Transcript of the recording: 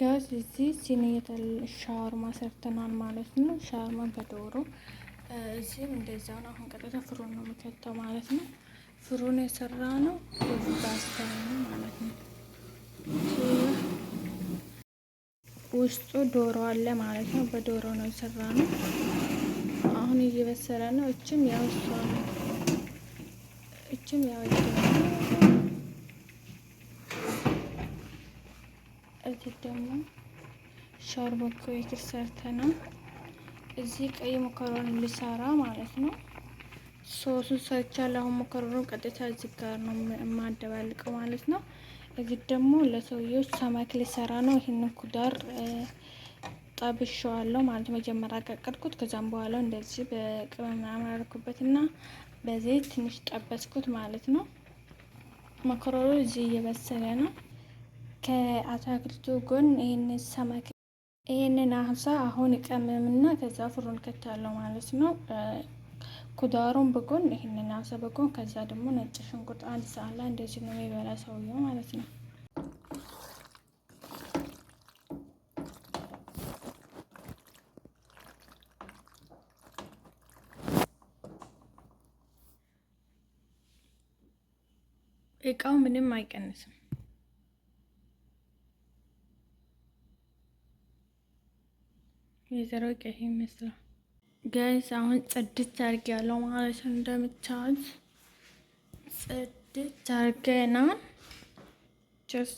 ጋይስ እዚህ ሲኒ ሻወርማ ሰርተናል ማለት ነው። ሻወርማን ከዶሮ እዚህም እንደዛው ነው። አሁን ቀጥታ ፍሩን ነው የሚከተው ማለት ነው። ፍሩን የሰራ ነው ፓስታ ነው ማለት ነው። ውስጡ ዶሮ አለ ማለት ነው። በዶሮ ነው የሰራ ነው። አሁን እየበሰለ ነው። እችም ያው እሷ ነው። እችም ያው እዚህ ደግሞ ሾርባ በክሬክር ነው። እዚህ ቀይ መኮረን ልሰራ ማለት ነው። ሶሱን ሰርቻለሁ። አሁን መኮረኑን ቀጥታ እዚህ ጋር ነው የማደባልቀው ማለት ነው። እዚህ ደግሞ ለሰውየው ሰማክ ልሰራ ነው። ይህንን ኩዳር ጠብሼዋለሁ ማለት መጀመሪያ ቀቀልኩት። ከዛም በኋላ እንደዚህ በቅመም ምናምን አደረኩበትና በዘይት ትንሽ ጠበስኩት ማለት ነው። መኮረኑ እዚህ እየበሰለ ነው። ከአትክልቱ ጎን ይህን ሰማክ ይህንን አሳ አሁን እቀምምና ከዛ ፍሩን ከታለው ማለት ነው። ኩዳሩን በጎን ይህንን አሳ በጎን ከዛ ደግሞ ነጭ ሽንኩርት አንድ ሰዓላ እንደዚህ ነው የሚበላ ሰውየው ማለት ነው። እቃው ምንም አይቀንስም። ወይዘሮ ቀይ ይመስላል። ጋይስ አሁን ጽድት አርጌ ያለው ማለት ነው። እንደምታዩት ጽድት አርጌ ጀስ